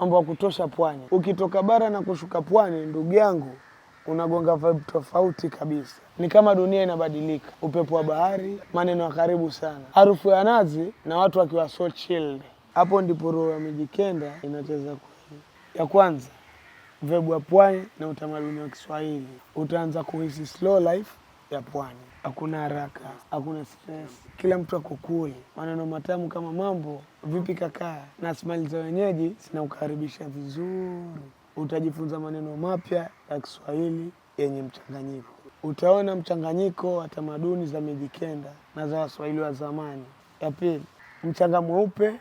mambo ya kutosha pwani. Ukitoka bara na kushuka pwani, ndugu yangu, unagonga vibe tofauti kabisa, ni kama dunia inabadilika. Upepo wa bahari, maneno ya karibu sana, harufu ya nazi na watu wakiwa so chill. Hapo ndipo roho ya Mijikenda inacheza kweli. Ya kwanza, vibe ya pwani na utamaduni wa Kiswahili, utaanza kuhisi slow life ya pwani. Hakuna haraka, hakuna stress, kila mtu ako cool. Maneno matamu kama mambo vipi kakaa na smile za wenyeji zinakukaribisha vizuri. Utajifunza maneno mapya ya Kiswahili yenye mchanganyiko. Utaona mchanganyiko wa tamaduni za Mijikenda na za Waswahili wa zamani. Ya pili, mchanga mweupe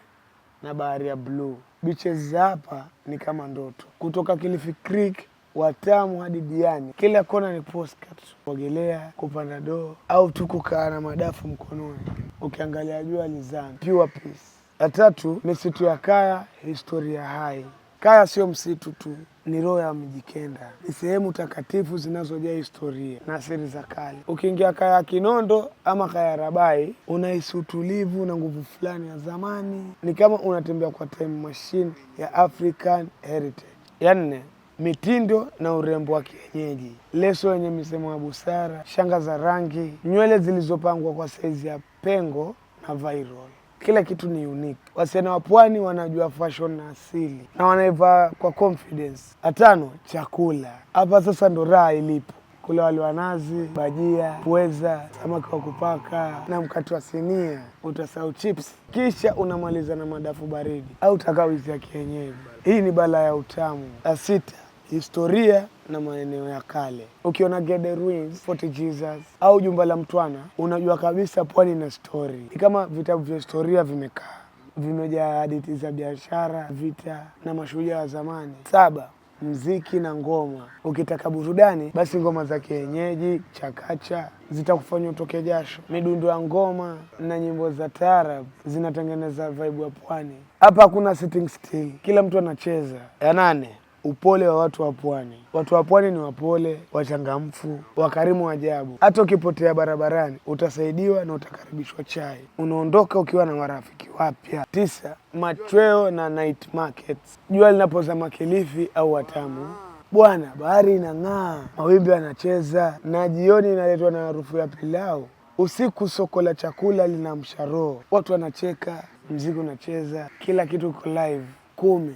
na bahari ya bluu. Beaches za hapa ni kama ndoto. Kutoka Kilifi Creek watamu hadi diani, kila kona ni postcard, kuogelea, kupanda doo au tu kukaa na madafu mkononi ukiangalia jua lizama, pure peace. La tatu, misitu ya Kaya, historia hai. Kaya sio msitu tu, ni roho ya mjikenda ni sehemu takatifu zinazojaa historia na siri za kale. Ukiingia Kaya ya Kinondo ama Kaya ya Rabai, unahisi utulivu na nguvu fulani ya zamani, ni kama unatembea kwa time machine ya African heritage. Ya nne mitindo na urembo wa kienyeji, leso yenye misemo ya busara, shanga za rangi, nywele zilizopangwa kwa saizi ya pengo na viral. Kila kitu ni unique. Wasichana wa pwani wanajua fashion na asili na wanaivaa kwa confidence. Atano, chakula. Hapa sasa ndo raha ilipo kula wali wa nazi, bajia, pweza, samaki wa kupaka na mkate wa sinia, utasahau chips, kisha unamaliza na madafu baridi au takawizi ya kienyeji. Hii ni balaa ya utamu. La sita historia na maeneo ya kale. Ukiona Gede Ruins, Fort Jesus au jumba la Mtwana, unajua kabisa pwani na story. Ni kama vitabu vya historia vimekaa, vimejaa hadithi za biashara, vita na mashujaa wa zamani. Saba, mziki na ngoma. Ukitaka burudani, basi ngoma za kienyeji, chakacha zitakufanya utoke jasho. Midundo ya ngoma na nyimbo za taarab zinatengeneza vibe ya pwani. Hapa hakuna sitting still, kila mtu anacheza. Ya nane upole wa watu wa pwani. Watu wa pwani ni wapole, wachangamfu, wakarimu ajabu. Hata ukipotea barabarani utasaidiwa na utakaribishwa chai. Unaondoka ukiwa na marafiki wapya. Tisa, machweo na night markets. Jua linapozama Kilifi au Watamu bwana, bahari inang'aa, mawimbi yanacheza, na jioni inaletwa na harufu ya pilau. Usiku soko la chakula linamsha roho, watu wanacheka, mziki unacheza, kila kitu iko live. Kumi,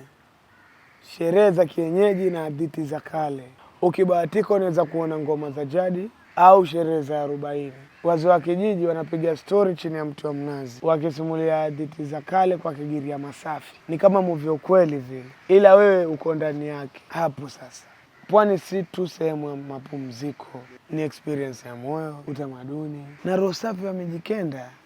sherehe za kienyeji na hadithi za kale. Ukibahatika unaweza kuona ngoma za jadi au sherehe za arobaini. Wazee wa kijiji wanapiga stori chini ya mti wa mnazi, wakisimulia hadithi za kale kwa Kigiria masafi. Ni kama muvyo ukweli vile, ila wewe uko ndani yake. Hapo sasa, pwani si tu sehemu ya mapumziko, ni experience ya moyo, utamaduni na roho safi ya Mijikenda.